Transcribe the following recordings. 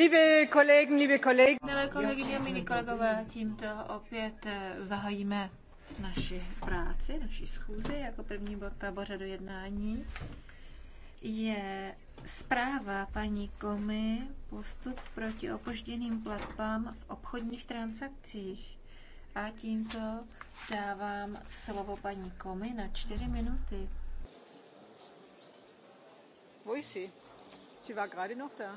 Liebe Kollegen, liebe Kollegen. Milé kolegyně, milí kolegové, tímto opět eh, zahajíme naši práci, naši schůzi. Jako první bod do jednání je zpráva paní Komy postup proti opožděným platbám v obchodních transakcích. A tímto dávám slovo paní Komy na čtyři minuty. Wo ist sie? Sie war gerade noch da.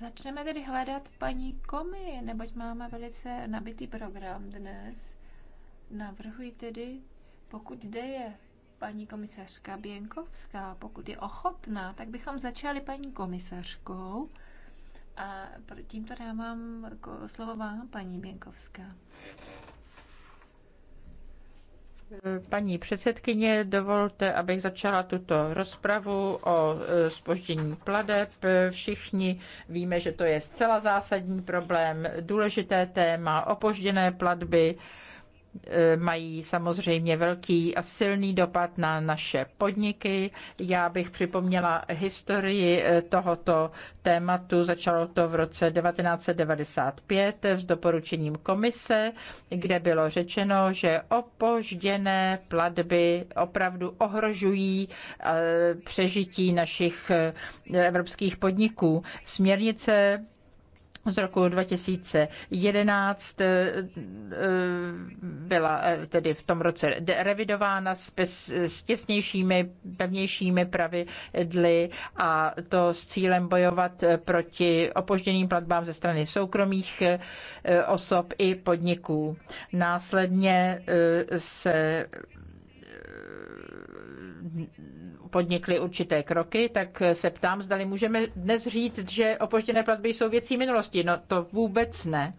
Začneme tedy hledat paní Komi, neboť máme velice nabitý program dnes. Navrhuji tedy, pokud zde je paní komisařka Běnkovská, pokud je ochotná, tak bychom začali paní komisařkou. A tímto dávám slovo vám, paní Běnkovská. Paní předsedkyně, dovolte, abych začala tuto rozpravu o spoždění e, pladeb. Všichni víme, že to je zcela zásadní problém, důležité téma, opožděné platby Eh, mají samozřejmě velký a silný dopad na naše podniky. Já bych připomněla historii eh, tohoto tématu. Začalo to v roce 1995 s doporučením komise, kde bylo řečeno, že opožděné platby opravdu ohrožují eh, přežití našich evropských podniků. Směrnice z roku 2011 eh, eh, byla eh, tedy v tom roce revidována s, s těsnějšími, pevnějšími pravidly a to s cílem bojovat proti opožděným platbám ze strany soukromých osob i podniků. Následně se podnikli určité kroky, tak se ptám, zdali můžeme dnes říct, že opožděné platby jsou věcí minulosti. No to vůbec ne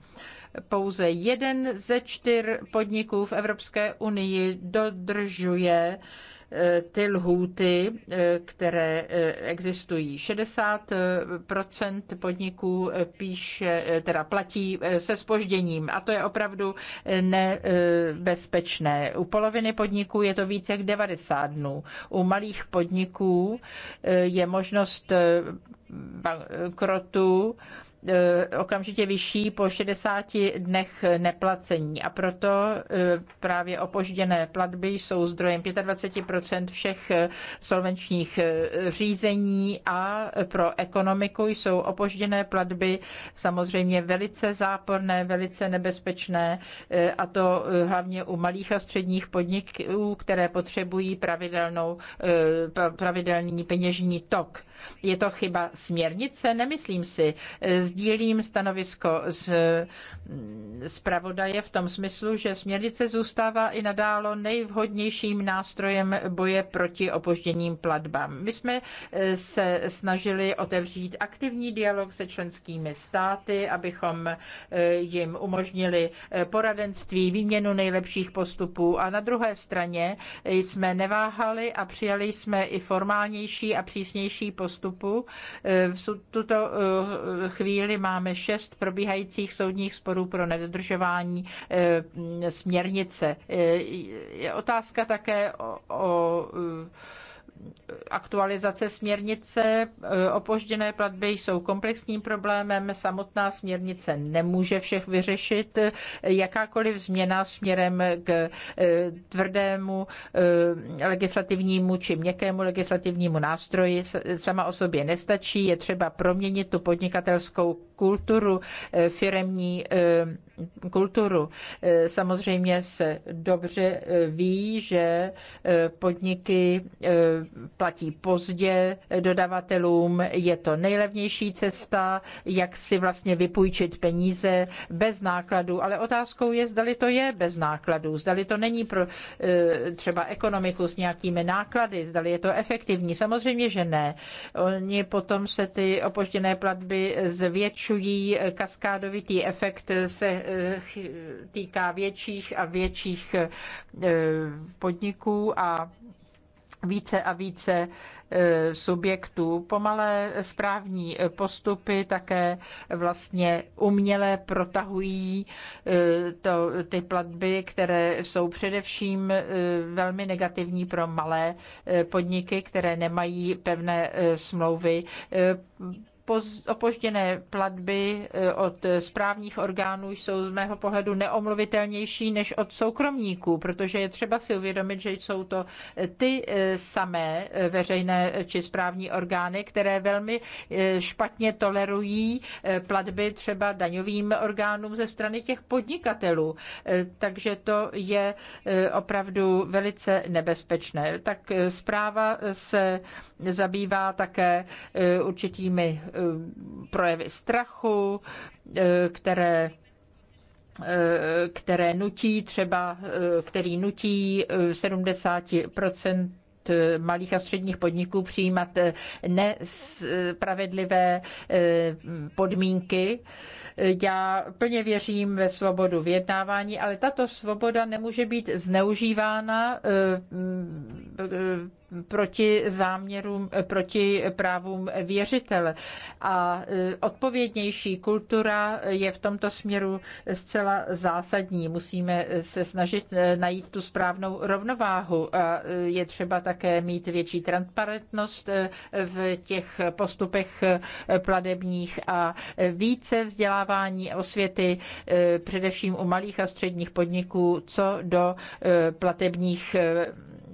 pouze jeden ze čtyř podniků v Evropské unii dodržuje Eh, ty lhůty, eh, které eh, existují. 60 podniků píše, teda platí se spožděním a to je opravdu nebezpečné. U poloviny podniků je to více jak 90 dnů. U malých podniků je možnost bankrotu E, okamžitě vyšší po 60 dnech neplacení a proto e, právě opožděné platby jsou zdrojem 25 všech e, solvenčních řízení a pro ekonomiku jsou opožděné platby samozřejmě velice záporné, velice nebezpečné a to hlavně u malých a středních podniků, které potřebují pravidelnou, pravidelný peněžní tok. Je to chyba směrnice? Nemyslím si sdílím stanovisko z zpravodaje v tom smyslu, že směrnice zůstává i nadálo nejvhodnějším nástrojem boje proti opožděním platbám. My jsme eh, se snažili otevřít aktivní dialog se členskými státy, abychom eh, jim umožnili eh, poradenství, výměnu nejlepších postupů a na druhé straně jsme neváhali a přijali jsme i formálnější a přísnější postupu v tuto chvíli chvíli máme šest probíhajících soudních sporů pro nedodržování eh, směrnice. Eh, je otázka také o, o eh, aktualizace směrnice. E, opožděné platby jsou komplexním problémem, samotná směrnice nemůže všech vyřešit. Jakákoliv změna směrem k e, tvrdému e, legislativnímu či měkkému legislativnímu nástroji sama o sobě nestačí. Je třeba proměnit tu podnikatelskou kulturu, firemní kulturu. Samozřejmě se dobře ví, že podniky platí pozdě dodavatelům, je to nejlevnější cesta, jak si vlastně vypůjčit peníze bez nákladů, ale otázkou je, zdali to je bez nákladů, zdali to není pro eh, třeba ekonomiku s nějakými náklady, zdali je to efektivní. Samozřejmě, že ne. Oni potom se ty opožděné platby zvětšují, kaskádovitý efekt se eh, týká větších a větších eh, podniků a více a více e, subjektů. Pomalé správní postupy také vlastně uměle protahují e, to, ty platby, které jsou především e, velmi negativní pro malé podniky, které nemají pevné smlouvy opožděné platby e, od správních orgánů jsou z mého pohledu neomluvitelnější než od soukromníků, protože je třeba si uvědomit, že jsou to e, ty e, samé veřejné či správní orgány, které velmi špatně tolerují platby třeba daňovým orgánům ze strany těch podnikatelů. Takže to je opravdu velice nebezpečné. Tak zpráva se zabývá také určitými Eh, projevy strachu, eh, které eh, které nutí třeba, který nutí 70% malých a středních podniků přijímat nespravedlivé podmínky. Já plně věřím ve svobodu vyjednávání, ale tato svoboda nemůže být zneužívána proti záměrům, eh, proti právům věřitele. A eh, odpovědnější kultura je v tomto směru zcela zásadní. Musíme eh, se snažit najít tu správnou rovnováhu. A je třeba také mít větší transparentnost v těch postupech pladebních a více vzdělávání osvěty, především u malých a středních podniků, co do platebních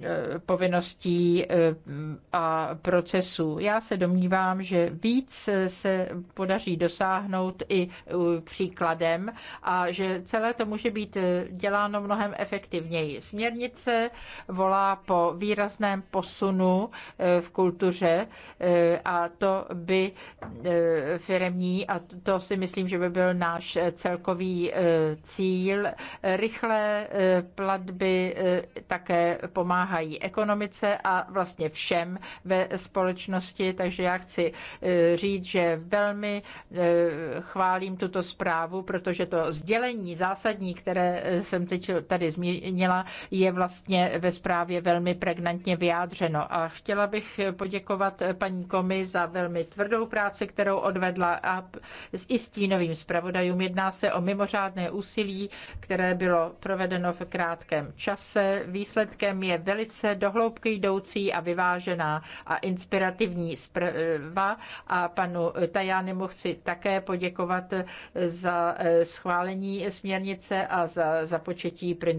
Eh, povinností eh, a procesů. Já se domnívám, že víc se podaří dosáhnout i eh, příkladem a že celé to může být děláno mnohem efektivněji. Směrnice volá po výrazném posunu v kultuře a to by firemní, a to si myslím, že by byl náš celkový cíl, rychlé platby také pomáhá pomáhají ekonomice a vlastně všem ve společnosti, takže já chci eh, říct, že velmi eh, chválím tuto zprávu, protože to sdělení zásadní, které eh, jsem teď tady zmínila, je vlastně ve zprávě velmi pregnantně vyjádřeno. A chtěla bych poděkovat paní Komi za velmi tvrdou práci, kterou odvedla a s i stínovým zpravodajům. Jedná se o mimořádné úsilí, které bylo provedeno v krátkém čase. Výsledkem je velmi velice dohloubky jdoucí a vyvážená a inspirativní zpráva a panu Tajánemu chci také poděkovat za eh, schválení směrnice a za započetí eh,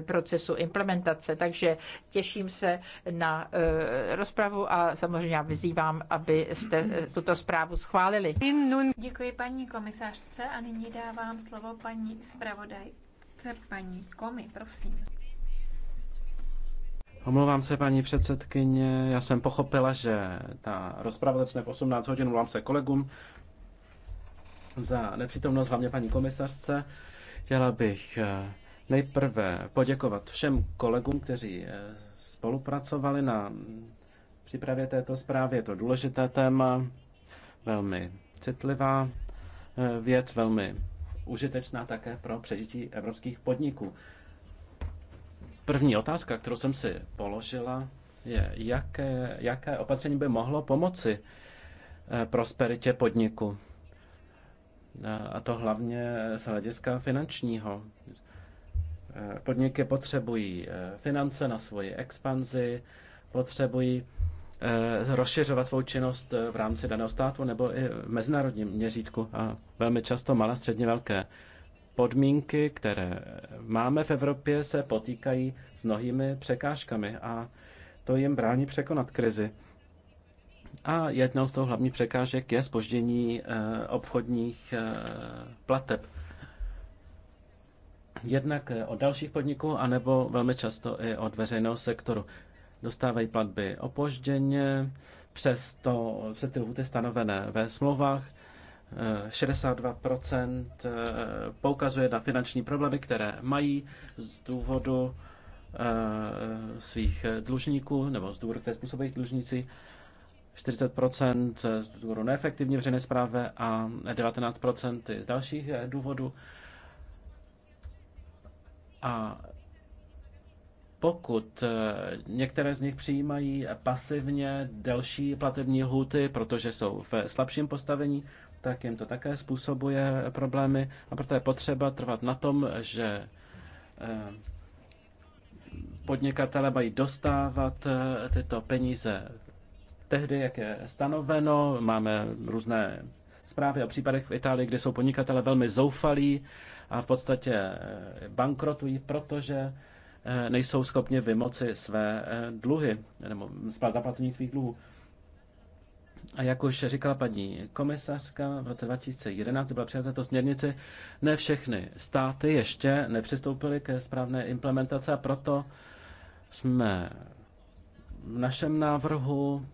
procesu implementace. Takže těším se na eh, rozpravu a samozřejmě já vyzývám, abyste tuto zprávu schválili. Děkuji paní komisářce a nyní dávám slovo paní zpravodajce, paní Komi, prosím. Omlouvám se, paní předsedkyně, já jsem pochopila, že ta rozprava začne v 18 hodin, omlouvám se kolegům za nepřítomnost, hlavně paní komisařce. Chtěla bych eh, nejprve poděkovat všem kolegům, kteří eh, spolupracovali na mm, přípravě této zprávy. Je to důležité téma, velmi citlivá eh, věc, velmi užitečná také pro přežití evropských podniků. První otázka, kterou jsem si položila, je, jaké, jaké opatření by mohlo pomoci eh, prosperitě podniku. Eh, a to hlavně z hlediska finančního. Eh, podniky potřebují finance na svoji expanzi, potřebují rozšiřovat svou činnost v rámci daného státu nebo i v mezinárodním měřítku. A velmi často malé, středně velké podmínky, které máme v Evropě, se potýkají s mnohými překážkami a to jim brání překonat krizi. A jednou z toho hlavních překážek je spoždění eh, obchodních eh, plateb. Jednak eh, od dalších podniků, anebo velmi často i od veřejného sektoru. Dostávají platby opožděně, přes, to, přes ty lhuty stanovené ve smlouvách 62% eh, eh, poukazuje na finanční problémy, které mají z důvodu eh, svých dlužníků nebo z důvodu, které způsobují dlužníci. 40% z důvodu neefektivní veřejné zprávy a 19% z dalších důvodů. A pokud některé z nich přijímají pasivně delší platební lhuty, protože jsou v slabším postavení, tak jim to také způsobuje problémy a proto je potřeba trvat na tom, že eh, podnikatele mají dostávat eh, tyto peníze tehdy, jak je stanoveno. Máme různé zprávy o případech v Itálii, kde jsou podnikatele velmi zoufalí a v podstatě eh, bankrotují, protože nejsou schopni vymoci své dluhy nebo zaplacení svých dluhů. A jak už říkala paní komisařka, v roce 2011 byla přijata tato směrnice, ne všechny státy ještě nepřistoupily ke správné implementaci a proto jsme v našem návrhu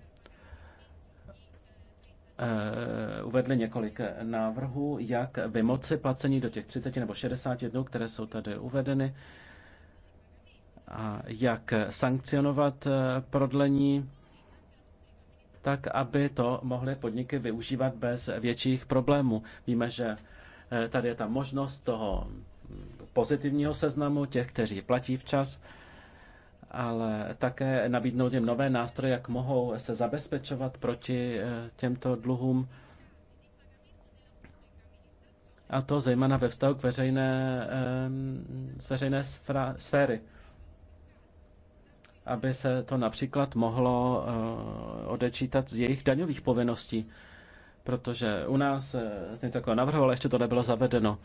eh, uvedli několik návrhů, jak vymoci placení do těch 30 nebo 60 dnů, které jsou tady uvedeny, a jak sankcionovat eh, prodlení tak aby to mohly podniky využívat bez větších problémů. Víme, že eh, tady je ta možnost toho mm, pozitivního seznamu těch, kteří platí včas, ale také nabídnout jim nové nástroje, jak mohou se zabezpečovat proti eh, těmto dluhům. A to zejména ve vztahu k veřejné, z eh, veřejné sféry aby se to například mohlo eh, odečítat z jejich daňových povinností, protože u nás se eh, něco takového navrhovalo, ještě to nebylo zavedeno.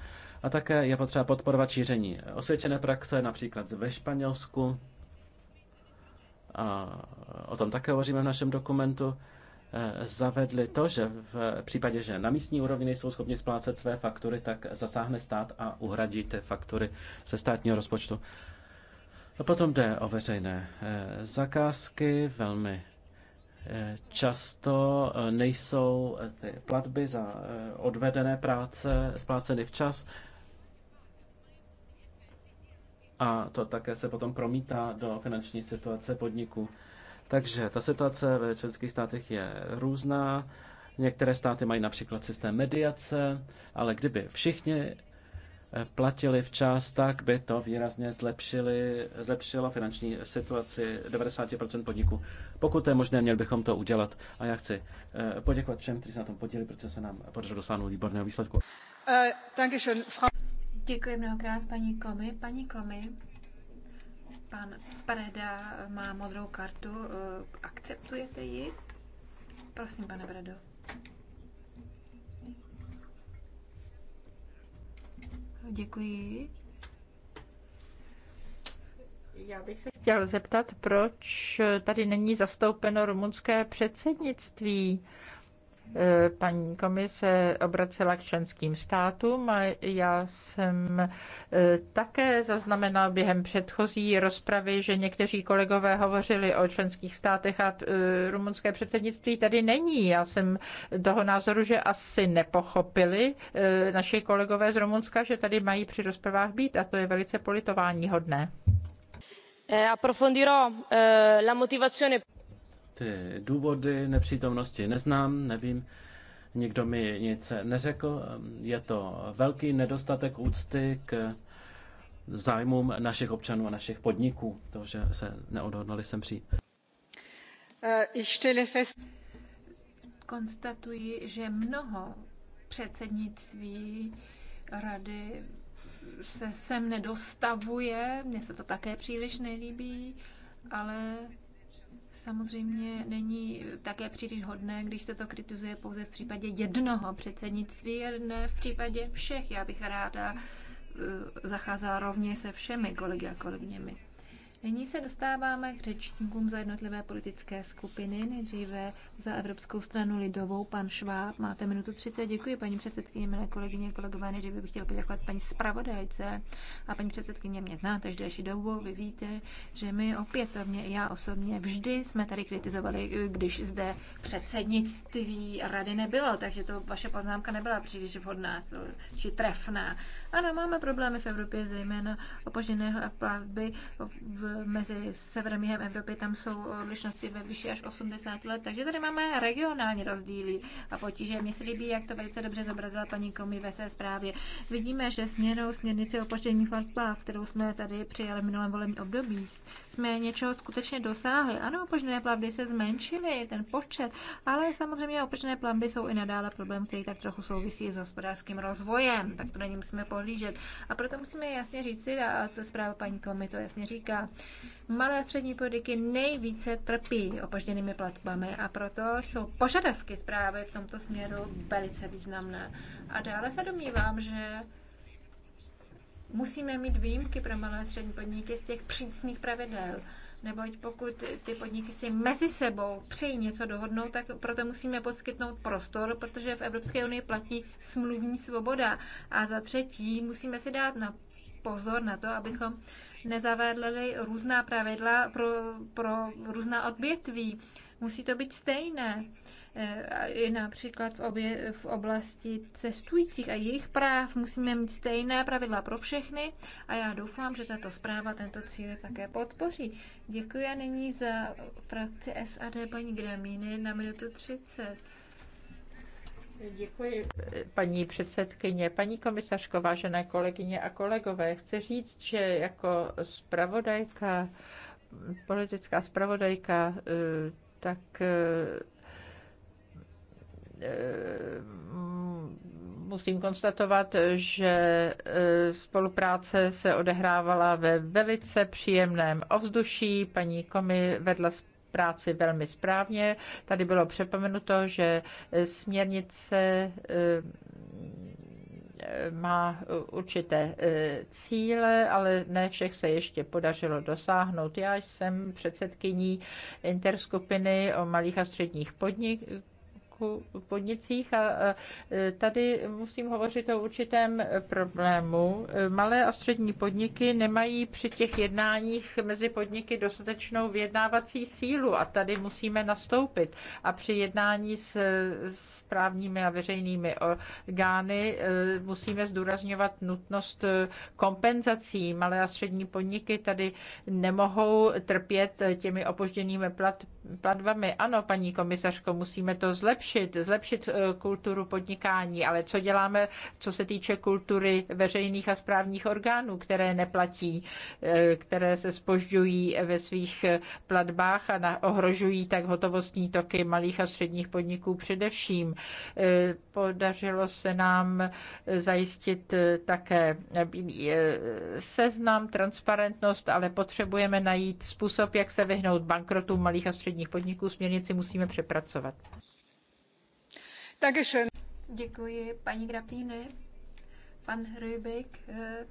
A také je potřeba podporovat šíření osvědčené praxe, například ve Španělsku, a o tom také hovoříme v našem dokumentu, eh, zavedli to, že v případě, že na místní úrovni nejsou schopni splácet své faktury, tak zasáhne stát a uhradí ty faktury ze státního rozpočtu. A potom jde o veřejné eh, zakázky. Velmi eh, často eh, nejsou ty platby za odvedené práce spláceny včas. A to také se potom promítá do finanční situace podniku. Takže ta situace ve členských státech je různá. Některé státy mají například systém mediace, ale kdyby všichni platili včas, tak by to výrazně zlepšili, zlepšilo finanční situaci 90% podniků. Pokud to je možné, měli bychom to udělat. A já chci eh, poděkovat všem, kteří se na tom podělili, protože se nám podařilo dosáhnout výborného výsledku. Eh, Děkuji mnohokrát paní Komi. Paní Komi, pan Preda má modrou kartu. Eh, akceptujete ji? Prosím, pane Bredo. Děkuji. Já bych se chtěl zeptat, proč tady není zastoupeno rumunské předsednictví. Eh, paní komise obracela k členským státům a já jsem eh, také zaznamenal během předchozí rozpravy, že někteří kolegové hovořili o členských státech a eh, rumunské předsednictví tady není. Já jsem toho názoru, že asi nepochopili naši kolegové z Rumunska, že tady mají při rozpravách být a to je velice politování hodné. Approfondirò la motivazione ty důvody nepřítomnosti neznám, nevím, nikdo mi nic neřekl. Je to velký nedostatek úcty k zájmům našich občanů a našich podniků, to, že se neodhodlali sem přijít. Eh, Konstatuji, že mnoho předsednictví rady se sem nedostavuje. Mně se to také příliš nelíbí, ale samozřejmě není také příliš hodné, když se to kritizuje pouze v případě jednoho předsednictví, a ne v případě všech. Já bych ráda eh, zacházela rovně se všemi kolegy a kolegyněmi. Nyní se dostáváme k řečníkům za jednotlivé politické skupiny. Nejdříve za Evropskou stranu lidovou pan Šváb. Máte minutu 30. Děkuji paní předsedkyně, milé kolegyně, kolegové. Nejdříve bych chtěla poděkovat paní zpravodajce a paní předsedkyně mě znáte že další dobu. Vy víte, že my opětovně i já osobně vždy jsme tady kritizovali, když zde předsednictví rady nebylo, takže to vaše poznámka nebyla příliš vhodná či trefná. Ano, máme problémy v Evropě, zejména opožděné platby v mezi severem a jihem Evropy, tam jsou odlišnosti ve vyšší až 80 let, takže tady máme regionální rozdíly a potíže. Mně se líbí, jak to velice dobře zobrazila paní Komi ve své zprávě. Vidíme, že směrou směrnici o poštění platba, kterou jsme tady přijali v minulém volebním období, jsme něčeho skutečně dosáhli. Ano, opožné plavby se zmenšily, ten počet, ale samozřejmě opožné plavby jsou i nadále problém, který tak trochu souvisí s hospodářským rozvojem, tak to na ně musíme pohlížet. A proto musíme jasně říci, a to zpráva paní Komi to jasně říká, Malé a střední podniky nejvíce trpí opožděnými platbami a proto jsou požadavky zprávy v tomto směru velice významné. A dále se domnívám, že musíme mít výjimky pro malé a střední podniky z těch přísných pravidel. Neboť pokud ty podniky si mezi sebou přejí něco dohodnout, tak proto musíme poskytnout prostor, protože v Evropské unii platí smluvní svoboda. A za třetí musíme si dát na pozor na to, abychom nezavedli různá pravidla pro, pro různá odvětví. Musí to být stejné. Eh, I například v, obě, v oblasti cestujících a jejich práv musíme mít stejné pravidla pro všechny a já doufám, že tato zpráva tento cíl také podpoří. Děkuji a nyní za frakci SAD paní Gramíny na minutu 30. Děkuji, paní předsedkyně. Paní komisařko, vážené kolegyně a kolegové, chci říct, že jako spravodajka, politická spravodajka, eh, tak eh, eh, musím konstatovat, že spolupráce se odehrávala ve velice příjemném ovzduší. Paní Komi vedla práci velmi správně. Tady bylo přepomenuto, že eh, směrnice eh, má eh, určité cíle, ale ne všech se ještě podařilo dosáhnout. Já jsem předsedkyní interskupiny o malých a středních podnik, podnicích a tady musím hovořit o určitém problému. Malé a střední podniky nemají při těch jednáních mezi podniky dostatečnou vyjednávací sílu a tady musíme nastoupit. A při jednání s správními a veřejnými orgány e, musíme zdůrazňovat nutnost kompenzací. Malé a střední podniky tady nemohou trpět těmi opožděnými platbami platbami. Ano, paní komisařko, musíme to zlepšit, zlepšit eh, kulturu podnikání, ale co děláme, co se týče kultury veřejných a správních orgánů, které neplatí, eh, které se spožďují ve svých eh, platbách a ohrožují tak hotovostní toky malých a středních podniků především. Podařilo se nám zajistit také seznam, transparentnost, ale potřebujeme najít způsob, jak se vyhnout bankrotům malých a středních středních podniků směrnici musíme přepracovat. Takže. Děkuji, paní Grapíny. Pan Rybik eh,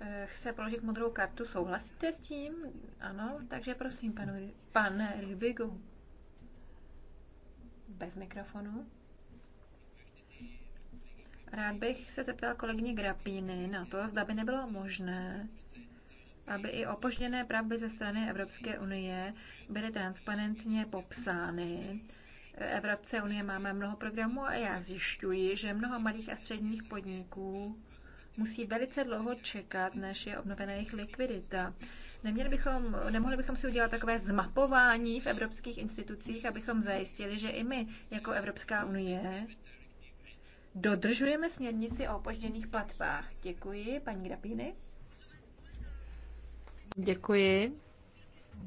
eh, chce položit modrou kartu. Souhlasíte s tím? Ano, takže prosím, panu, pan Rybigu. Bez mikrofonu. Rád bych se zeptal kolegyně Grapíny na to, zda by nebylo možné aby i opožděné pravby ze strany Evropské unie byly transparentně popsány. Evropské unie máme mnoho programů a já zjišťuji, že mnoho malých a středních podniků musí velice dlouho čekat, než je obnovena jejich likvidita. Neměli bychom, nemohli bychom si udělat takové zmapování v evropských institucích, abychom zajistili, že i my jako Evropská unie dodržujeme směrnici o opožděných platbách. Děkuji, paní Grapíny. Děkuji.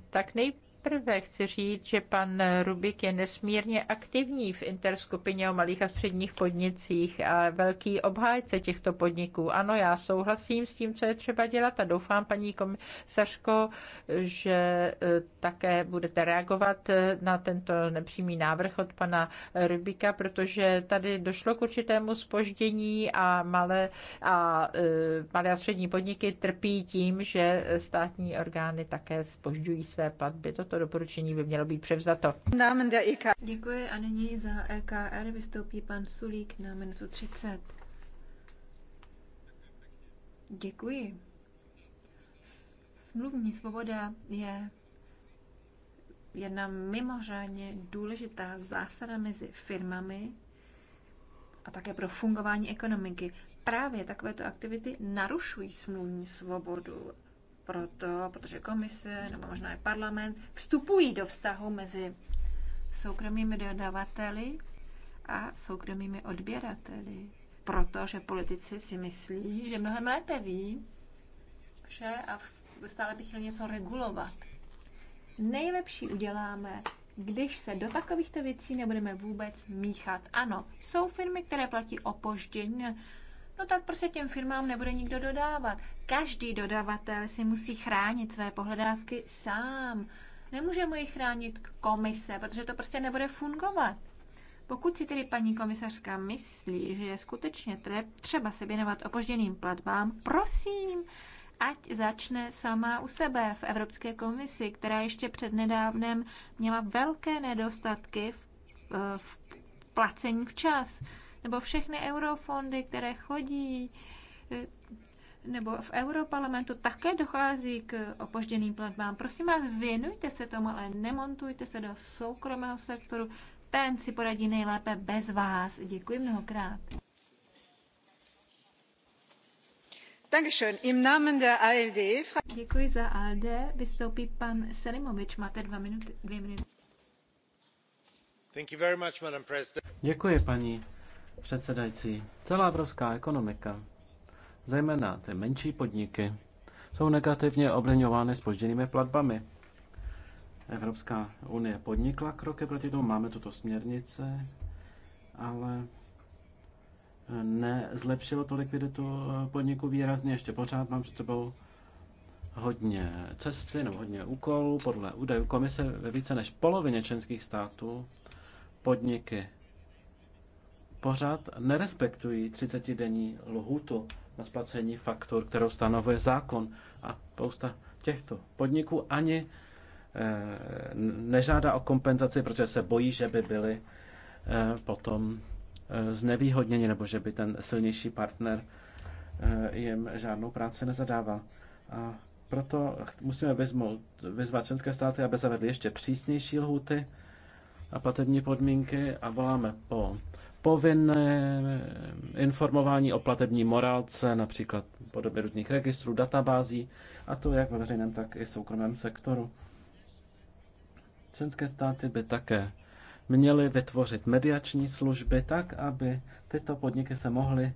Tak nej. Nejprve chci říct, že pan Rubik je nesmírně aktivní v interskupině o malých a středních podnicích a velký obhájce těchto podniků. Ano, já souhlasím s tím, co je třeba dělat a doufám, paní komisařko, že e, také budete reagovat e, na tento nepřímý návrh od pana Rubika, protože tady došlo k určitému spoždění a malé a, e, malé a střední podniky trpí tím, že státní orgány také spožďují své platby. Toto toto doporučení by mělo být převzato. Děkuji a nyní za EKR vystoupí pan Sulík na minutu 30. Děkuji. Smluvní svoboda je jedna mimořádně důležitá zásada mezi firmami a také pro fungování ekonomiky. Právě takovéto aktivity narušují smluvní svobodu proto, protože komise nebo možná i parlament vstupují do vztahu mezi soukromými dodavateli a soukromými odběrateli. Protože politici si myslí, že mnohem lépe ví vše a stále by chtěl něco regulovat. Nejlepší uděláme, když se do takovýchto věcí nebudeme vůbec míchat. Ano, jsou firmy, které platí opoždění, no tak prostě těm firmám nebude nikdo dodávat. Každý dodavatel si musí chránit své pohledávky sám. Nemůže mu chránit komise, protože to prostě nebude fungovat. Pokud si tedy paní komisařka myslí, že je skutečně třeba se věnovat opožděným platbám, prosím, ať začne sama u sebe v Evropské komisi, která ještě nedávnem měla velké nedostatky v, eh, v placení včas nebo všechny eurofondy, které chodí, eh, nebo v Europarlamentu také dochází k opožděným platbám. Prosím vás, věnujte se tomu, ale nemontujte se do soukromého sektoru. Ten si poradí nejlépe bez vás. Děkuji mnohokrát. Děkuji za ALDE. Vystoupí pan Selimovič. Máte dva minuty, dvě minuty. Děkuji, paní předsedající. Celá evropská ekonomika, zejména ty menší podniky, jsou negativně ovlivňovány spožděnými platbami. Evropská unie podnikla kroky proti tomu, máme tuto směrnice, ale nezlepšilo to likviditu podniku výrazně. Ještě pořád mám před sebou hodně cesty nebo hodně úkolů. Podle údajů komise ve více než polovině členských států podniky pořád nerespektují 30-denní lhůtu na splacení faktur, kterou stanovuje zákon. A spousta těchto podniků ani eh, nežádá o kompenzaci, protože se bojí, že by byli eh, potom eh, znevýhodněni nebo že by ten silnější partner jim žádnou práci nezadával. A proto musíme vyzmout, vyzvat členské státy, aby zavedly ještě přísnější lhuty a platební podmínky a voláme po povinné informování o platební morálce, například podobě různých registrů, databází, a to jak ve veřejném, tak i soukromém sektoru. Členské státy by také měly vytvořit mediační služby tak, aby tyto podniky se mohly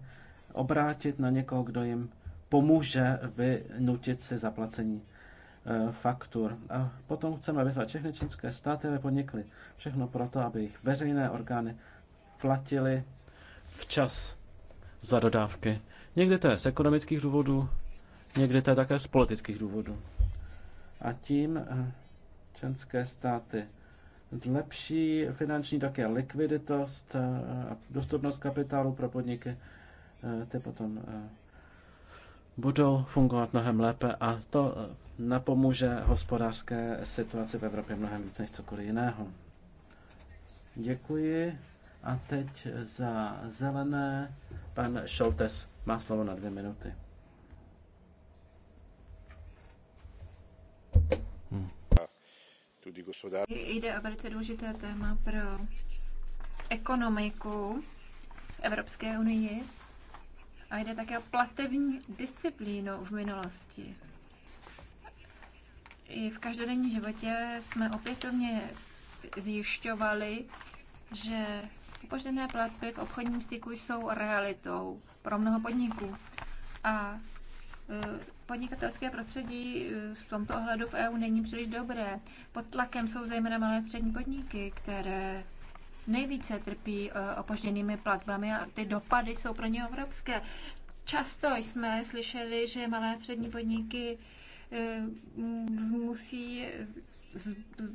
obrátit na někoho, kdo jim pomůže vynutit si zaplacení e, faktur. A potom chceme vyzvat všechny členské státy, aby podnikly všechno proto, aby jejich veřejné orgány platili včas za dodávky. Někdy to je z ekonomických důvodů, někdy to je také z politických důvodů. A tím eh, členské státy zlepší finanční také likviditost eh, a dostupnost kapitálu pro podniky, eh, ty potom budou fungovat mnohem lépe a to napomůže hospodářské situaci v Evropě mnohem víc než cokoliv jiného. Děkuji. A teď za zelené pan Šoltes má slovo na dvě minuty. Hm. Jde o velice důležité téma pro ekonomiku Evropské unii a jde také o platební disciplínu v minulosti. I v každodenní životě jsme opětovně zjišťovali, že Opožděné platby v obchodním styku jsou realitou pro mnoho podniků. A e, podnikatelské prostředí e, v tomto ohledu v EU není příliš dobré. Pod tlakem jsou zejména malé a střední podniky, které nejvíce trpí e, opožděnými platbami a ty dopady jsou pro ně evropské. Často jsme slyšeli, že malé a střední podniky musí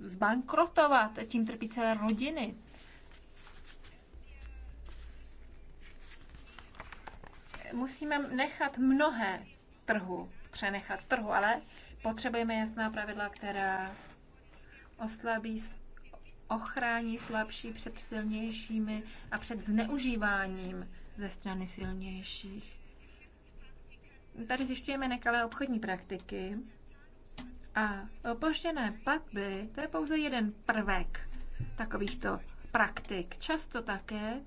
zbankrotovat, tím trpí celé rodiny. musíme nechat mnohé trhu, přenechat trhu, ale potřebujeme jasná pravidla, která oslabí, ochrání slabší před silnějšími a před zneužíváním ze strany silnějších. Tady zjišťujeme nekalé obchodní praktiky a opoštěné platby, to je pouze jeden prvek takovýchto praktik. Často také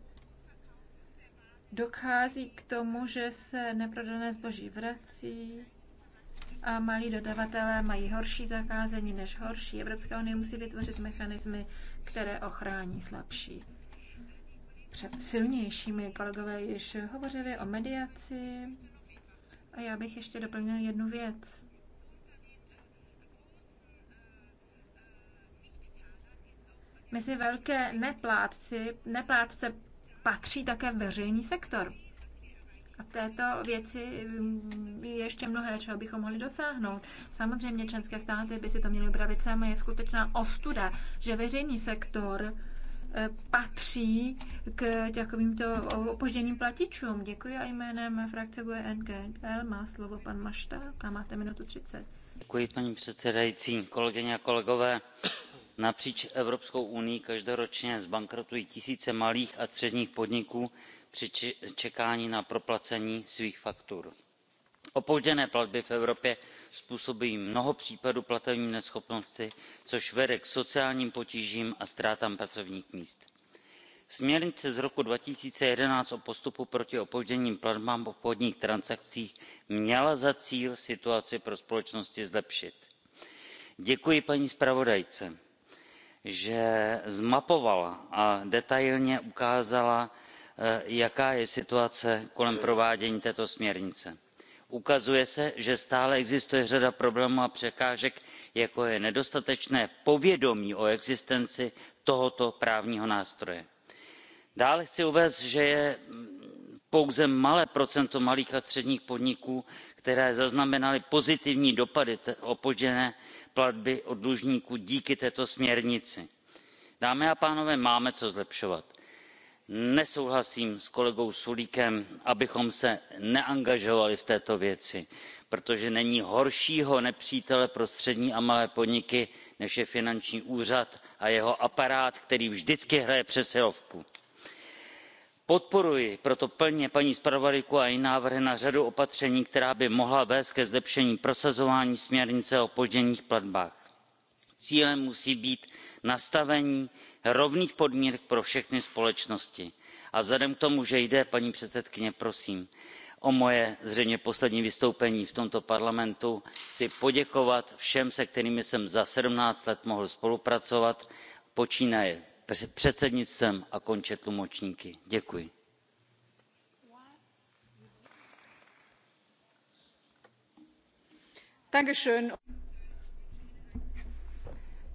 dochází k tomu, že se neprodané zboží vrací a malí dodavatelé mají horší zakázení než horší. Evropská unie musí vytvořit mechanismy, které ochrání slabší. Před silnějšími kolegové již hovořili o mediaci a já bych ještě doplnil jednu věc. Mezi velké neplátci, neplátce patří také veřejný sektor. A v této věci je ještě mnohé, čeho bychom mohli dosáhnout. Samozřejmě členské státy by si to měly upravit sami. Je skutečná ostuda, že veřejný sektor eh, patří k takovýmto opožděným platičům. Děkuji a jménem frakce VNGL e má slovo pan Mašta. Máte minutu 30. Děkuji, paní předsedající, kolegyně a kolegové napříč evropskou unií každoročně zbankrotují tisíce malých a středních podniků při čekání na proplacení svých faktur. opožděné platby v evropě způsobují mnoho případů platební neschopnosti což vede k sociálním potížím a ztrátám pracovních míst. směrnice z roku two thousand and eleven o postupu proti opožděným platbám v obchodních transakcích měla za cíl situaci pro společnosti zlepšit. děkuji paní zpravodajce že zmapovala a detailně ukázala eh, jaká je situace kolem provádění této směrnice. ukazuje se že stále existuje řada problémů a překážek jako je nedostatečné povědomí o existenci tohoto právního nástroje. dále chci uvést že je pouze malé procento malých a středních podniků které zaznamenaly pozitivní dopady opožděné platby od dlužníků díky této směrnici. dámy a pánové máme co zlepšovat. nesouhlasím s kolegou sulíkem abychom se neangažovali v této věci protože není horšího nepřítele pro střední a malé podniky než je finanční úřad a jeho aparát který vždycky hraje přesilovku podporuji proto plně paní zpravodajku a její návrhy na řadu opatření která by mohla vést ke zlepšení prosazování směrnice o zpožděných platbách. cílem musí být nastavení rovných podmínek pro všechny společnosti a vzhledem k tomu že jde paní předsedkyně prosím o moje zřejmě poslední vystoupení v tomto parlamentu chci poděkovat všem se kterými jsem za sedmnáct let mohl spolupracovat počínaje předsednictvem a konče tlumočníky. děkuji.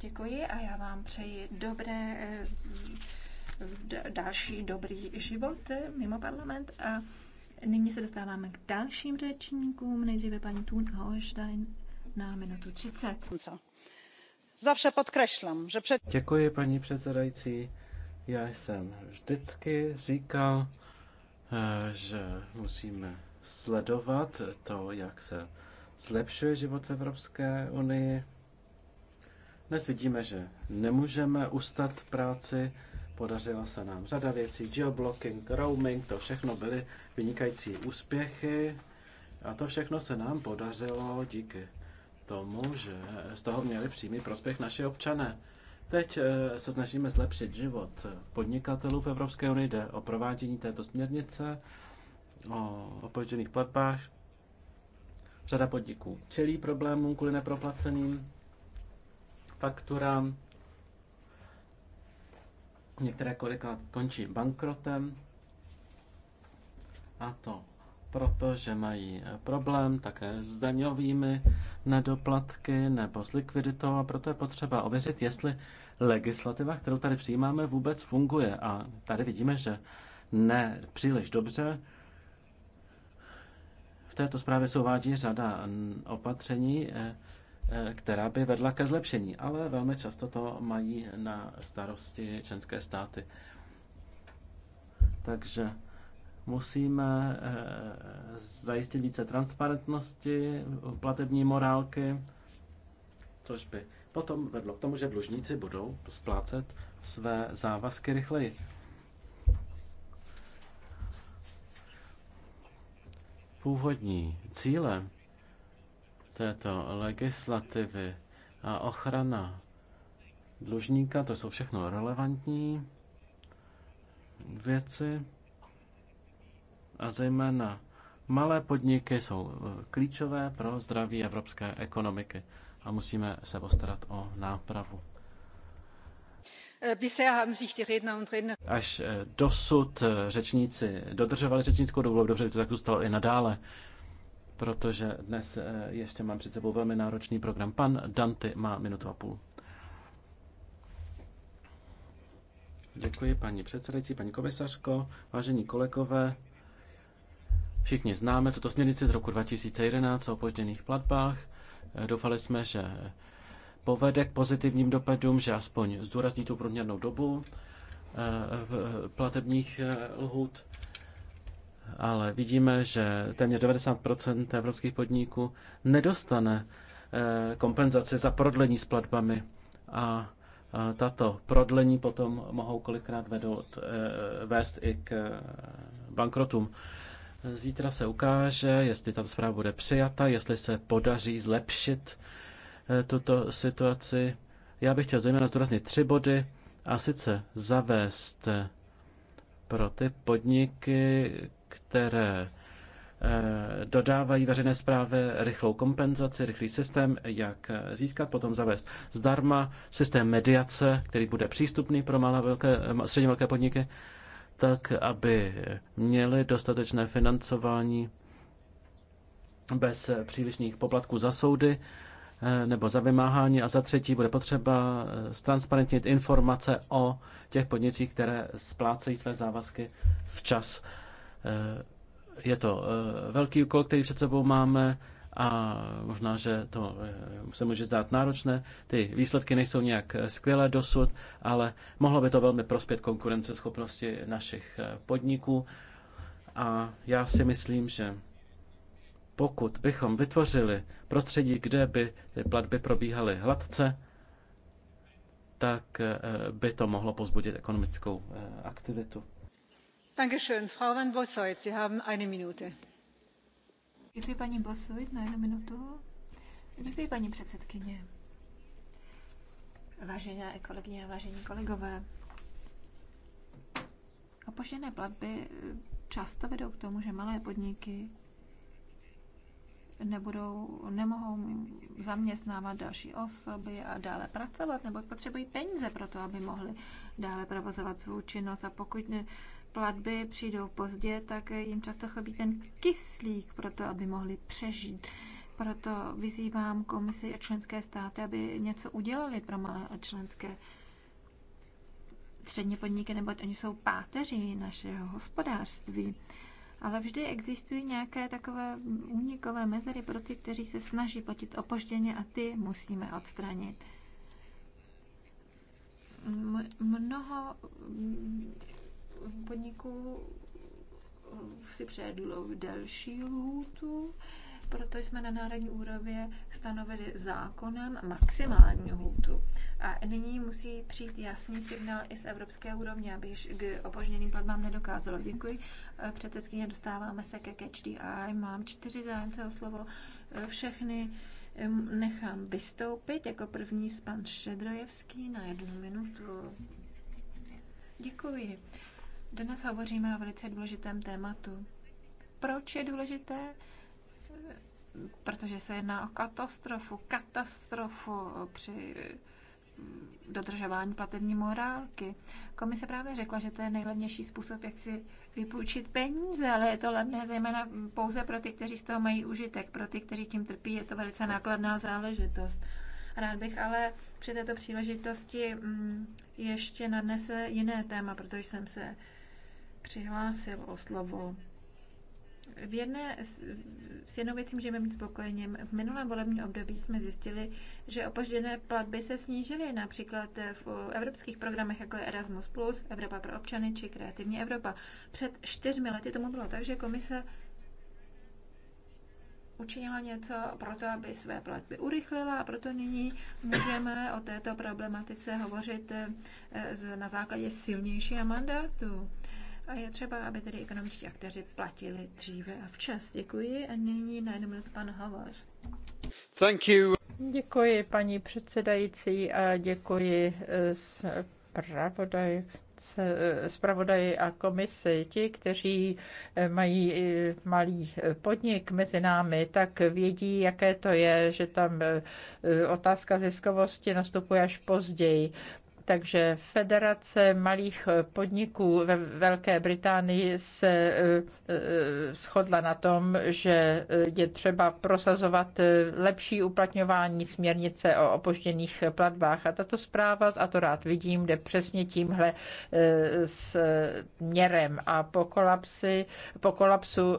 Děkuji a já vám přeji dobré, eh, další dobrý život mimo parlament. A nyní se dostáváme k dalším řečníkům. Nejdříve paní Thun Holstein na minutu 30. Zawsze podkreślam, że Děkuji, paní předsedající. Já jsem vždycky říkal, eh, že musíme sledovat to, jak se zlepšuje život v Evropské unii. Dnes vidíme, že nemůžeme ustat práci, podařila se nám řada věcí, geoblocking, roaming, to všechno byly vynikající úspěchy a to všechno se nám podařilo díky tomu, že z toho měli přímý prospěch naše občané. Teď eh, se snažíme zlepšit život podnikatelů v Evropské unii, jde o provádění této směrnice, o opožděných platbách. Řada podniků čelí problémům kvůli neproplaceným fakturám. Některé kolika končí bankrotem. A to protože mají eh, problém také s daňovými nedoplatky nebo s likviditou a proto je potřeba ověřit, jestli legislativa, kterou tady přijímáme, vůbec funguje. A tady vidíme, že ne příliš dobře. V této zprávě se uvádí řada opatření, eh, eh, která by vedla ke zlepšení, ale velmi často to mají na starosti členské státy. Takže Musíme eh, zajistit více transparentnosti, platební morálky, což by potom vedlo k tomu, že dlužníci budou splácet své závazky rychleji. Původní cíle této legislativy a ochrana dlužníka, to jsou všechno relevantní věci a zejména malé podniky jsou eh, klíčové pro zdraví evropské ekonomiky a musíme se postarat o nápravu. Eh, Až eh, dosud řečníci dodržovali řečnickou dobu, dobře, to tak zůstalo i nadále, protože dnes ještě mám před sebou velmi náročný program. Pan Danty má minutu a půl. Děkuji, paní předsedající, paní komisařko, vážení kolegové. Všichni známe tuto směrnici z roku 2011 o opožděných platbách. Eh, doufali jsme, že povede k pozitivním dopadům, že aspoň zdůrazní tu průměrnou dobu eh, eh, platebních lhůt, ale vidíme, že téměř 90 evropských podniků nedostane kompenzaci za prodlení s platbami a tato prodlení potom mohou kolikrát vedou, vést i k bankrotům. Zítra se ukáže, jestli tam zpráva bude přijata, jestli se podaří zlepšit eh, tuto situaci. Já bych chtěl zejména zdůraznit tři body, a sice zavést eh, pro ty podniky, které eh, dodávají veřejné zprávy rychlou kompenzaci, rychlý systém, jak získat, potom zavést zdarma systém mediace, který bude přístupný pro malé velké, středně velké podniky tak aby měli dostatečné financování bez přílišných poplatků za soudy eh, nebo za vymáhání a za třetí bude potřeba eh, ztransparentnit informace o těch podnicích, které splácejí své závazky včas. Eh, je to velký úkol, který před sebou máme a možná, že to eh, se může zdát náročné. Ty výsledky nejsou nějak eh, skvělé dosud, ale mohlo by to velmi prospět konkurenceschopnosti našich eh, podniků. A já si myslím, že pokud bychom vytvořili prostředí, kde by ty platby probíhaly hladce, tak by to mohlo pozbudit ekonomickou aktivitu. Dankeschön, Frau Van Bosoy, Sie haben eine Minute. Děkuji paní Bosuit na jednu minutu. Děkuji paní předsedkyně. Vážené kolegyně a vážení kolegové, opožděné platby často vedou k tomu, že malé podniky nebudou, nemohou zaměstnávat další osoby a dále pracovat, nebo potřebují peníze pro to, aby mohli dále provozovat svou činnost. A pokud ne, platby přijdou pozdě, tak jim často chybí ten kyslík pro to, aby mohli přežít. Proto vyzývám komisi a členské státy, aby něco udělali pro malé a členské střední podniky, neboť oni jsou páteři našeho hospodářství. Ale vždy existují nějaké takové únikové mezery pro ty, kteří se snaží platit opožděně a ty musíme odstranit. Mnoho Podniku eh, si přejedlo delší lhůtu, protože jsme na národní úrovni stanovili zákonem maximální lhůtu. A nyní musí přijít jasný signál i z evropské úrovně, aby k opožděným platbám nedokázalo. Děkuji. Eh, předsedkyně, dostáváme se ke catch the eye. Mám čtyři zájemce o slovo. Eh, všechny nechám vystoupit. Jako první s pan Šedrojevský na jednu minutu. Děkuji. Dnes hovoříme o velice důležitém tématu. Proč je důležité? Protože se jedná o katastrofu, katastrofu při dodržování platební morálky. Komise právě řekla, že to je nejlevnější způsob, jak si vypůjčit peníze, ale je to levné zejména pouze pro ty, kteří z toho mají užitek. Pro ty, kteří tím trpí, je to velice nákladná záležitost. Rád bych ale při této příležitosti mm, ještě nadnesl jiné téma, protože jsem se přihlásil o slovo. V jedné, s jednou věcí můžeme být spokojeně. V minulém volebním období jsme zjistili, že opožděné platby se snížily například v evropských programech, jako je Erasmus+, Evropa pro občany či Kreativní Evropa. Před čtyřmi lety tomu bylo tak, že komise učinila něco pro to, aby své platby urychlila a proto nyní můžeme o této problematice hovořit eh, na základě silnějšího mandátu. A je třeba, aby tedy ekonomičtí aktéři platili dříve a včas. Děkuji. A nyní na jednu minutu pan Havař. Thank you. Děkuji, paní předsedající, a děkuji eh, zpravodaj, eh, zpravodaji a komisi. Ti, kteří eh, mají malý podnik mezi námi, tak vědí, jaké to je, že tam otázka ziskovosti nastupuje až později. Takže Federace malých podniků ve Velké Británii se e, e, shodla na tom, že je třeba prosazovat lepší uplatňování směrnice o opožděných platbách. A tato zpráva, a to rád vidím, jde přesně tímhle e, směrem. A po, kolapsi, po kolapsu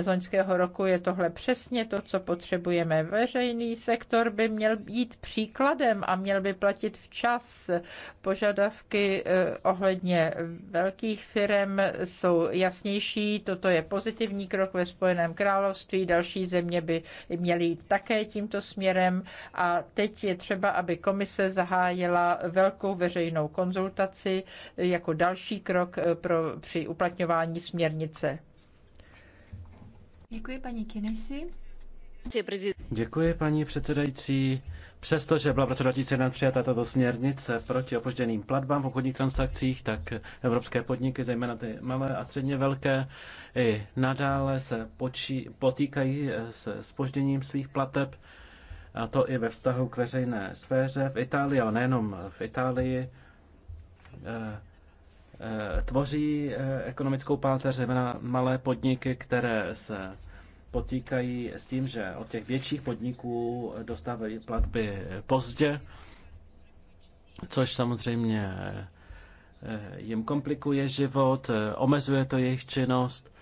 z loňského roku je tohle přesně to, co potřebujeme. Veřejný sektor by měl být příkladem a měl by platit včas s požadavky eh, ohledně velkých firm jsou jasnější. Toto je pozitivní krok ve Spojeném království. Další země by měly jít také tímto směrem. A teď je třeba, aby komise zahájila velkou veřejnou konzultaci jako další krok eh, pro, při uplatňování směrnice. Děkuji paní Kinesi. Děkuji paní předsedající. Přestože byla v roce 2011 přijata tato směrnice proti opožděným platbám v obchodních transakcích, tak evropské podniky, zejména ty malé a středně velké, i nadále se počí, potýkají se spožděním svých plateb, a to i ve vztahu k veřejné sféře v Itálii, ale nejenom v Itálii. E, e, tvoří e, ekonomickou páteř zejména malé podniky, které se potýkají s tím, že od těch větších podniků dostávají platby pozdě, což samozřejmě eh, jim komplikuje život, eh, omezuje to jejich činnost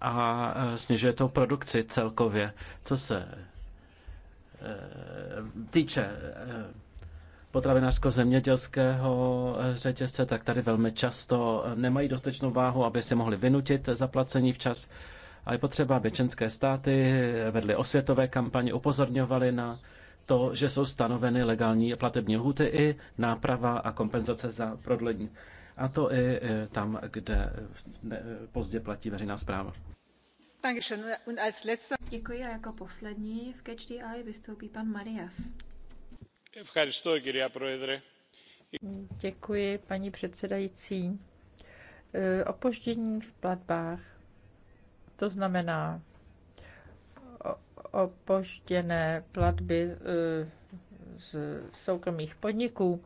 a eh, snižuje to produkci celkově. Co se týče potravinářsko-zemědělského řetězce, tak tady velmi často nemají dostatečnou váhu, aby si mohli vynutit zaplacení včas. A je potřeba, aby členské státy vedly osvětové kampaně, upozorňovaly na to, že jsou stanoveny legální platební lhuty i náprava a kompenzace za prodlení. A to i e, tam, kde pozdě platí veřejná zpráva. Děkuji a jako poslední v Catch the Eye vystoupí pan Marias paní předsedající. E, opoždění v platbách, to znamená opožděné platby e, z soukromých podniků,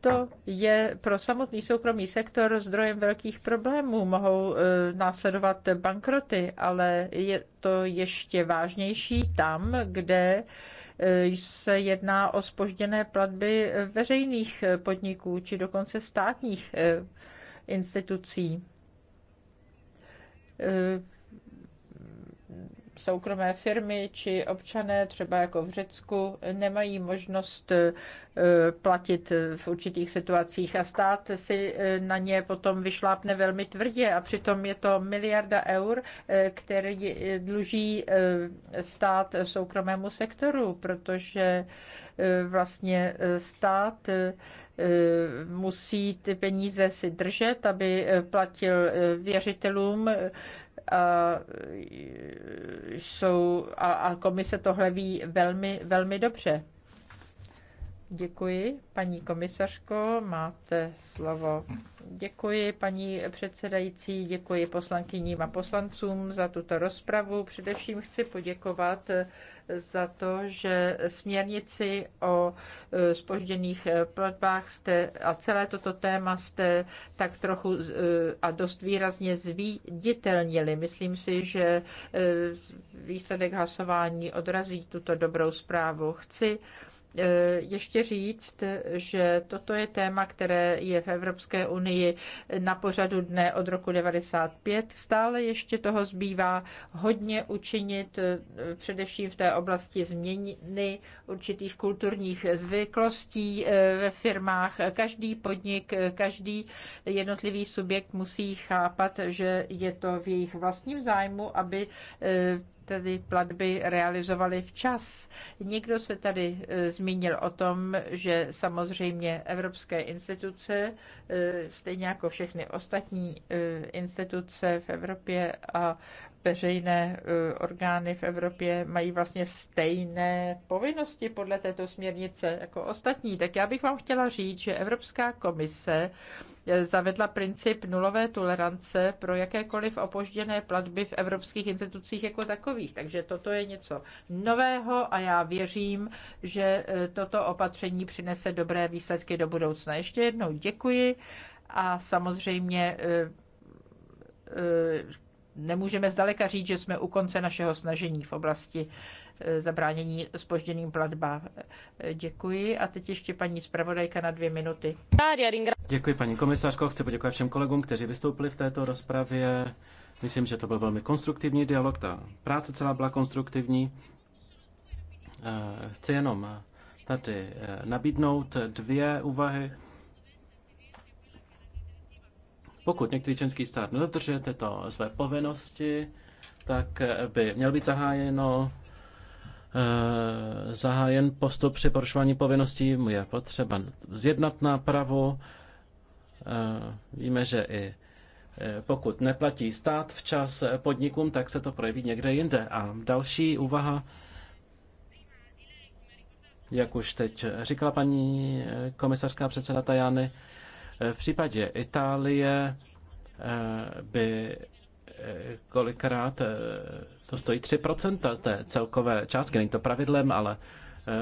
to je pro samotný soukromý sektor zdrojem velkých problémů. Mohou e, následovat bankroty, ale je to ještě vážnější tam, kde Eh, se jedná o spožděné platby eh, veřejných eh, podniků či dokonce státních institucí soukromé firmy či občané, třeba jako v Řecku, nemají možnost eh, platit v určitých situacích a stát si eh, na ně potom vyšlápne velmi tvrdě a přitom je to miliarda eur, eh, který dluží stát soukromému sektoru, protože vlastně stát musí ty peníze si držet, aby platil věřitelům a, eh, jsou, a, a komise tohle ví velmi, velmi dobře. Děkuji, paní komisařko, máte slovo. Děkuji, paní předsedající, děkuji poslankyním a poslancům za tuto rozpravu. Především chci poděkovat za to, že směrnici o spožděných e, e, platbách jste a celé toto téma jste tak trochu e, a dost výrazně zviditelnili. Myslím si, že výsledek hlasování odrazí tuto dobrou zprávu. Chci Eh, ještě říct, že toto je téma, které je v Evropské unii na pořadu dne od roku 95. Stále ještě toho zbývá hodně učinit, eh, především v té oblasti změny určitých kulturních zvyklostí eh, ve firmách. Každý podnik, každý jednotlivý subjekt musí chápat, že je to v jejich vlastním zájmu, aby tedy platby realizovaly včas. Někdo se tady e, zmínil o tom, že samozřejmě evropské instituce, e, stejně jako všechny ostatní e, instituce v Evropě a veřejné eh, orgány v Evropě mají vlastně stejné povinnosti podle této směrnice jako ostatní, tak já bych vám chtěla říct, že Evropská komise eh, zavedla princip nulové tolerance pro jakékoliv opožděné platby v evropských institucích jako takových. Takže toto je něco nového a já věřím, že eh, toto opatření přinese dobré výsledky do budoucna. Ještě jednou děkuji a samozřejmě nemůžeme zdaleka říct, že jsme u konce našeho snažení v oblasti eh, zabránění spožděným platbám. Eh, děkuji a teď ještě paní zpravodajka na dvě minuty. Děkuji paní komisařko, chci poděkovat všem kolegům, kteří vystoupili v této rozpravě. Myslím, že to byl velmi konstruktivní dialog, ta práce celá byla konstruktivní. Eh, chci jenom tady nabídnout dvě úvahy. Pokud některý členský stát nedodržuje tyto své povinnosti, tak eh, by měl být zahájeno eh, zahájen postup při porušování povinností, mu je potřeba zjednat nápravu. Eh, víme, že i pokud neplatí stát včas podnikům, tak se to projeví někde jinde. A další úvaha, jak už teď říkala paní komisařská předseda Tajany, v případě Itálie eh, by eh, kolikrát eh, to stojí 3% z té celkové částky. Není to pravidlem, ale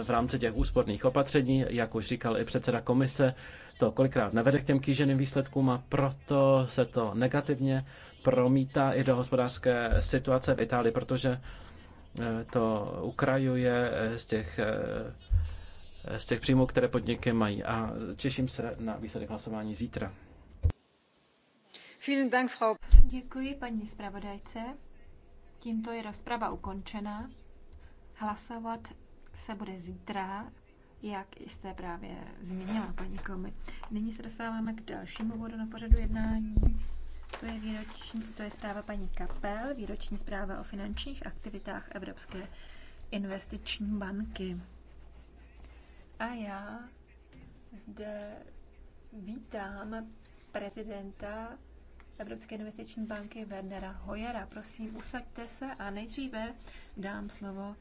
v rámci těch úsporných opatření, jak už říkal i předseda komise, to kolikrát nevede k těm kýženým výsledkům a proto se to negativně promítá i do hospodářské situace v Itálii, protože to ukrajuje z těch z těch příjmů, které podniky mají. A těším se na výsledek hlasování zítra. Děkuji paní zpravodajce. Tímto je rozprava ukončena. Hlasovat se bude zítra, jak jste právě zmínila, paní Komi. Nyní se dostáváme k dalšímu bodu na pořadu jednání. To je, výroční, to je zpráva paní Kapel, výroční zpráva o finančních aktivitách Evropské investiční banky. A já zde vítám prezidenta Evropské investiční banky Wernera Hojera. Prosím, usaďte se a nejdříve dám slovo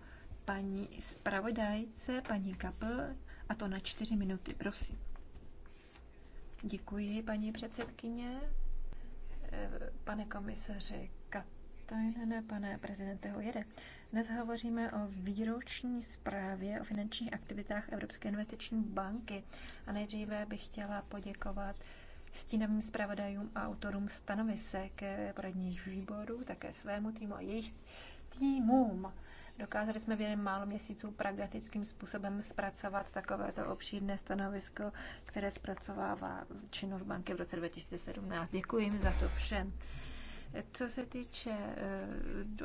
paní zpravodajce, paní Kapl, a to na čtyři minuty, prosím. Děkuji, paní předsedkyně, eh, pane komisaři Katajnene, pane prezidente Hojere. Dnes hovoříme o výroční zprávě o finančních aktivitách Evropské investiční banky. A nejdříve bych chtěla poděkovat stínovým zpravodajům a autorům stanovisek poradních výborů, také svému týmu a jejich týmům. Dokázali jsme během málo měsíců pragmatickým způsobem zpracovat takovéto obšírné stanovisko, které zpracovává činnost banky v roce 2017. Děkuji jim za to všem. Co se týče eh,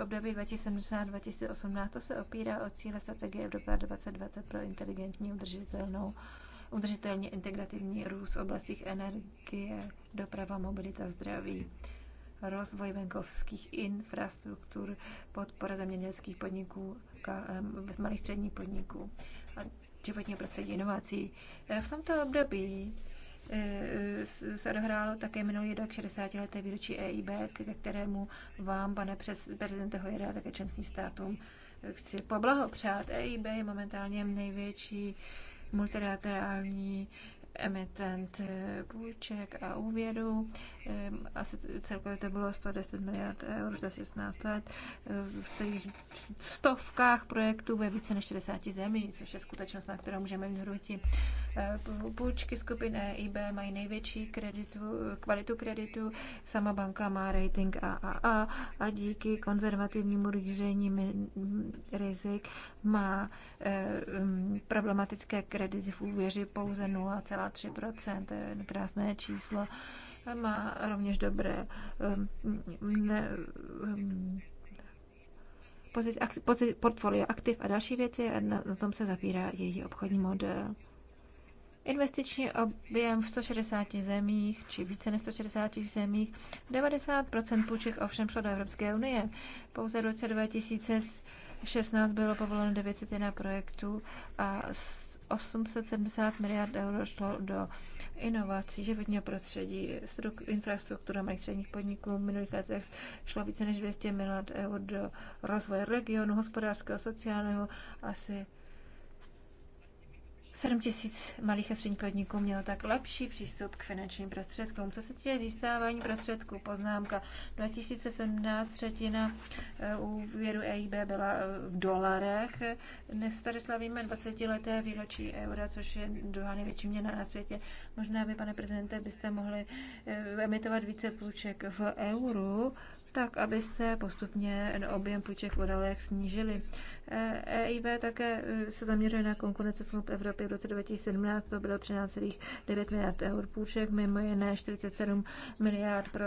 období 2017-2018, to se opírá o cíle strategie Evropa 2020 pro inteligentní udržitelnou udržitelně integrativní růst v oblastích energie, doprava, mobilita, zdraví, rozvoj venkovských infrastruktur, podpora zemědělských podniků, malých středních podniků a životního prostředí inovací. Eh, v tomto období Eh, se odehrálo také minulý rok 60. leté výročí EIB, ke kterému vám, pane prezidente Hojera, také členským státům eh, chci poblahopřát. EIB je momentálně největší multilaterální emitent eh, půjček a úvěru. Ehm, asi celkově to bylo 110 miliard eur za 16 let eh, v celých stovkách projektů ve více než 60 zemí, což je skutečnost, na kterou můžeme hruti. Eh, půjčky skupiny EIB mají největší kreditu, kvalitu kreditu, sama banka má rating AAA a díky konzervativnímu řízení rizik má mm, problematické kredity v úvěři pouze 0,3 0,3%, to je krásné číslo. Má rovněž dobré um, ne, um, portfolio aktiv a další věci a na, na tom se zapírá její obchodní model. Investiční objem v 160 zemích, či více než 160 zemích, 90% půjček ovšem šlo do Evropské unie. Pouze v roce 2016 bylo povoleno 901 projektů a 870 miliard euro šlo do inovací, životního prostředí, infrastruktura malých středních podniků. V minulých letech šlo více než 200 miliard euro do rozvoje regionu, hospodářského, sociálního, asi 7 tisíc malých a středních podniků mělo tak lepší přístup k finančním prostředkům. Co se týče získávání prostředků, poznámka 2017 třetina eh, úvěru EIB byla eh, v dolarech. Dnes tady slavíme 20 leté výročí eura, což je druhá největší měna na světě. Možná by, pane prezidente, byste mohli eh, emitovat více půjček v euru tak abyste postupně objem půjček v odalech snížili. E, e EIB také e, se zaměřuje na v Evropě V roce 2017 to bylo 13,9 miliard eur půjček, mimo jiné 47 miliard pro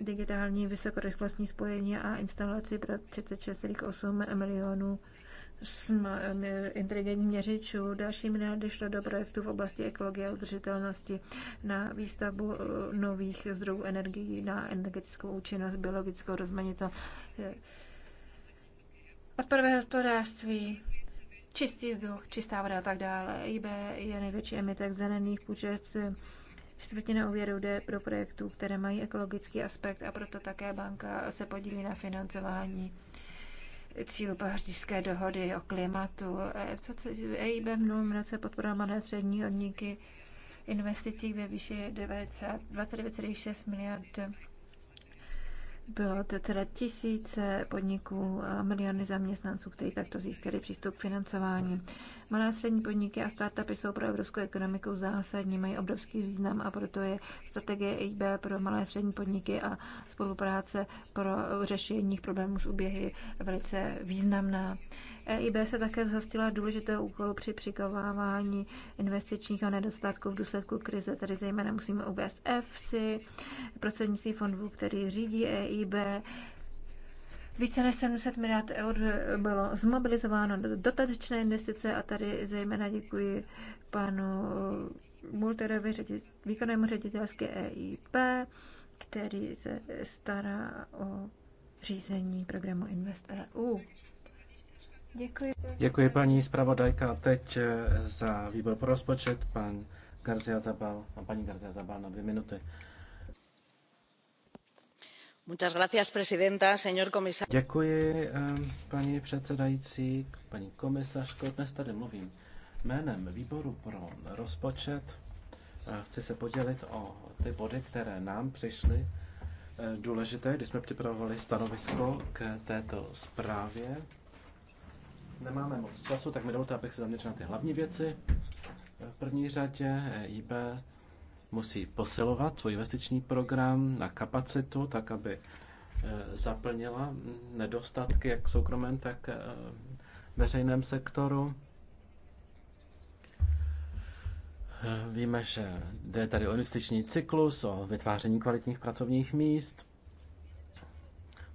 digitální vysokorychlostní spojení a instalaci pro 36,8 milionů eur Um, inteligentní měřičů, další miliard došlo do projektů v oblasti ekologie a udržitelnosti na výstavbu uh, nových zdrojů energií, na energetickou účinnost, biologickou rozmanitost, odpadové hospodářství, čistý vzduch, čistá voda a tak dále. IB je největší emitek zelených půjčec, čtvrtina úvěru jde pro projektů, které mají ekologický aspekt a proto také banka se podílí na financování cíl pařížské dohody o klimatu. V e, EIB v minulém roce podporovala malé střední odniky investicí ve výši 29,6 miliard bylo to teda tisíce podniků, miliony zaměstnanců, kteří takto získali přístup k financování. Malé střední podniky a startupy jsou pro evropskou ekonomiku zásadní, mají obrovský význam a proto je strategie EIB pro malé střední podniky a spolupráce pro řešení problémů s úběhy velice významná. EIB se také zhostila důležitého úkolu při přikovávání investičních a nedostatků v důsledku krize. Tady zejména musíme uvést EFSI, prostřednictví fondů, který řídí EIB, více než 700 miliard eur bylo zmobilizováno do dotačné investice a tady zejména děkuji panu Multerovi, výkonnému ředitelské EIP, který se stará o řízení programu Invest EU. Děkuji. Děkuji paní zpravodajka. Teď eh, za výbor pro rozpočet pan Garzia Zabal, a paní Garzia Zabal na dvě minuty. Muchas gracias, presidenta, señor comisario. Děkuji, eh, paní předsedající, paní komisařko. Dnes tady mluvím jménem výboru pro rozpočet. Eh, chci se podělit o ty body, které nám přišly důležité, když jsme připravovali stanovisko k této zprávě nemáme moc času, tak mi dovolte, abych se zaměřil na ty hlavní věci. V první řadě EIB musí posilovat svůj investiční program na kapacitu, tak aby e, zaplnila nedostatky jak v soukromém, tak e, veřejném sektoru. E, víme, že jde tady o investiční cyklus, o vytváření kvalitních pracovních míst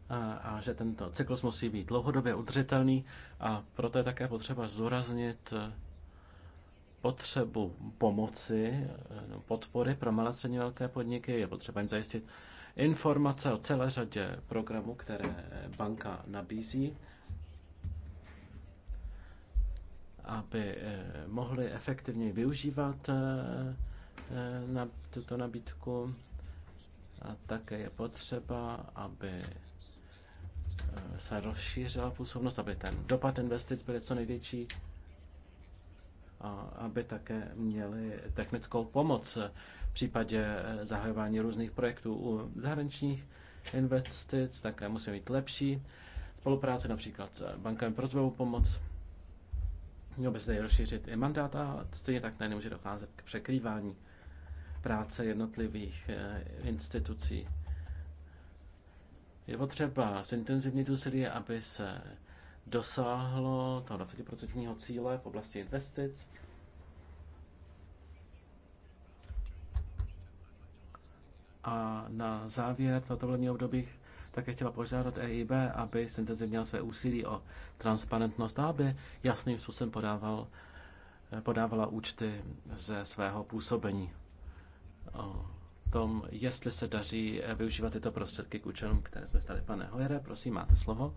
a, a že tento cyklus musí být dlouhodobě udržitelný a proto je také potřeba zdůraznit eh, potřebu pomoci, eh, podpory pro malé střední velké podniky, je potřeba jim zajistit informace o celé řadě programů, které banka nabízí, aby eh, mohli efektivně využívat na tuto nabídku. A také je potřeba, aby Eh, se rozšířila působnost, aby ten dopad investic byl co největší a aby také měli technickou pomoc v případě eh, zahajování různých projektů u zahraničních investic, také musí mít lepší spolupráce například s eh, bankami pro zbavou pomoc. Měl by se rozšířit i mandát a stejně tak tady nemůže docházet k překrývání práce jednotlivých institucí je potřeba zintenzivnit úsilí, aby se dosáhlo toho 20% cíle v oblasti investic. A na závěr tohoto volebního období také chtěla požádat EIB, aby zintenzivnil své úsilí o transparentnost a aby jasným způsobem podával, podávala účty ze svého působení. Oh tom, jestli se daří eh, využívat tyto prostředky k účelům, které jsme stali. Pane Hojere, prosím, máte slovo.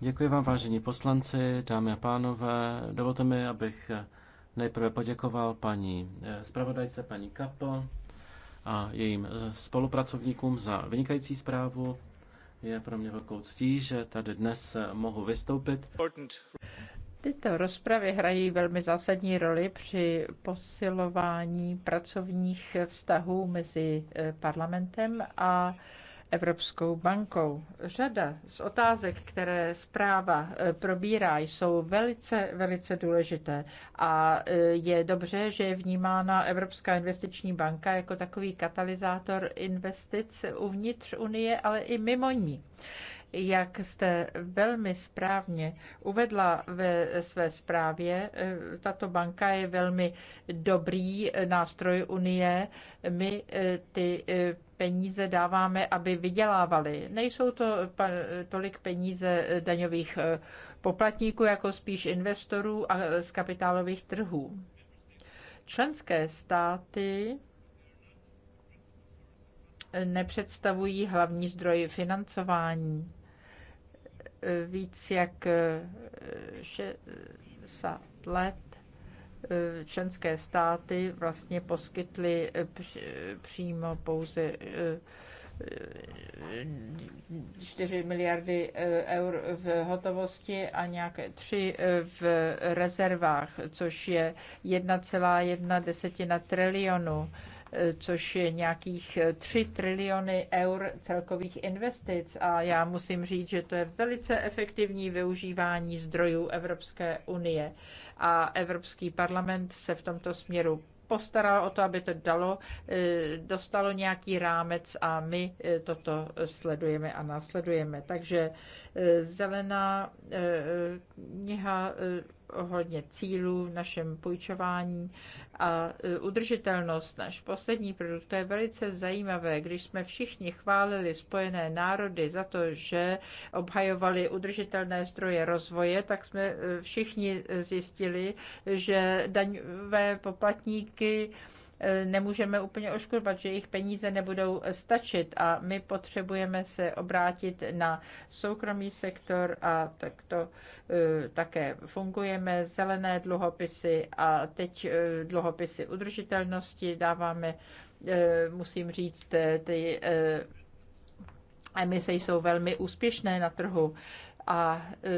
Děkuji vám, vážení poslanci, dámy a pánové. Dovolte mi, abych eh, nejprve poděkoval paní eh, zpravodajce, paní Kapl a jejím spolupracovníkům za vynikající zprávu. Je pro mě velkou ctí, že tady dnes mohu vystoupit. Tyto rozpravy hrají velmi zásadní roli při posilování pracovních vztahů mezi eh, parlamentem a Evropskou bankou. Řada z otázek, které zpráva eh, probírá, jsou velice, velice důležité a eh, je dobře, že je vnímána Evropská investiční banka jako takový katalyzátor investic uvnitř Unie, ale i mimo ní. Jak jste velmi správně uvedla ve své zprávě, eh, tato banka je velmi dobrý nástroj Unie. My eh, ty eh, peníze dáváme, aby vydělávali. Nejsou to tolik peníze daňových poplatníků, jako spíš investorů a z kapitálových trhů. Členské státy nepředstavují hlavní zdroj financování víc jak 60 eh, let eh, členské státy vlastně poskytly eh, přímo pouze 4 miliardy eur v hotovosti a nějaké 3 v rezervách, což je 1,1 desetina trilionu což je nějakých 3 triliony eur celkových investic. A já musím říct, že to je velice efektivní využívání zdrojů Evropské unie. A Evropský parlament se v tomto směru postaral o to, aby to dalo, eh, dostalo nějaký rámec a my eh, toto sledujeme a následujeme. Takže eh, zelená kniha ohledně cílů v našem půjčování a e, udržitelnost, náš poslední produkt, to je velice zajímavé, když jsme všichni chválili Spojené národy za to, že obhajovali udržitelné zdroje rozvoje, tak jsme e, všichni e, zjistili, že daňové poplatníky E, nemůžeme úplně oškurbat, že jejich peníze nebudou e, stačit a my potřebujeme se obrátit na soukromý sektor a tak to e, také fungujeme. Zelené dluhopisy a teď dluhopisy udržitelnosti dáváme, musím říct, ty emise jsou velmi úspěšné na trhu a e,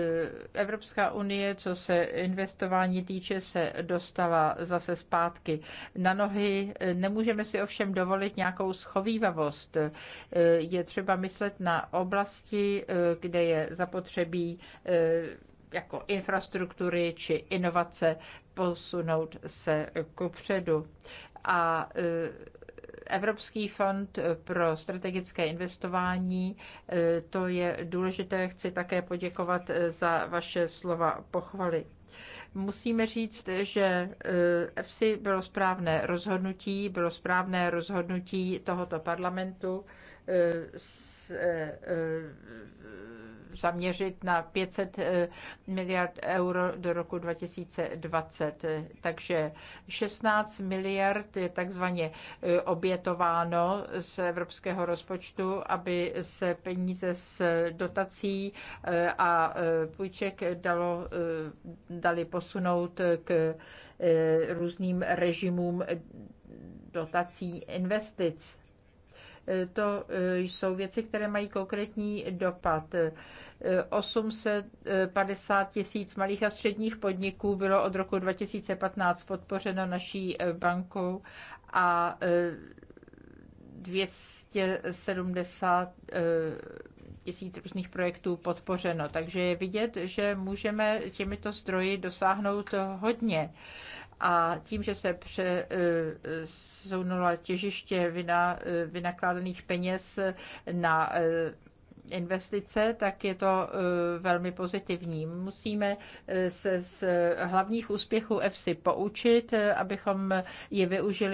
Evropská unie, co se investování týče, se dostala zase zpátky na nohy. E, nemůžeme si ovšem dovolit nějakou schovývavost. E, je třeba myslet na oblasti, kde je zapotřebí jako infrastruktury či inovace posunout se kupředu. A Evropský fond pro strategické investování, eh, to je důležité. Chci také poděkovat eh, za vaše slova pochvaly. Musíme říct, že EFSI eh, bylo správné rozhodnutí, bylo správné rozhodnutí tohoto parlamentu Eh, zaměřit na 500 eh, miliard euro do roku 2020. Takže 16 miliard je takzvaně eh, obětováno z evropského rozpočtu, aby se peníze z dotací a půjček dalo, dali posunout k různým režimům dotací investic to e, jsou věci, které mají konkrétní dopad. 850 e, tisíc malých a středních podniků bylo od roku 2015 podpořeno naší e, bankou a 270 tisíc různých projektů podpořeno. Takže je vidět, že můžeme těmito zdroji dosáhnout hodně a tím, že se přesunula eh, těžiště vina, eh, vynakládaných peněz na eh, investice, tak je to velmi pozitivní. Musíme se z hlavních úspěchů EFSI poučit, abychom je využili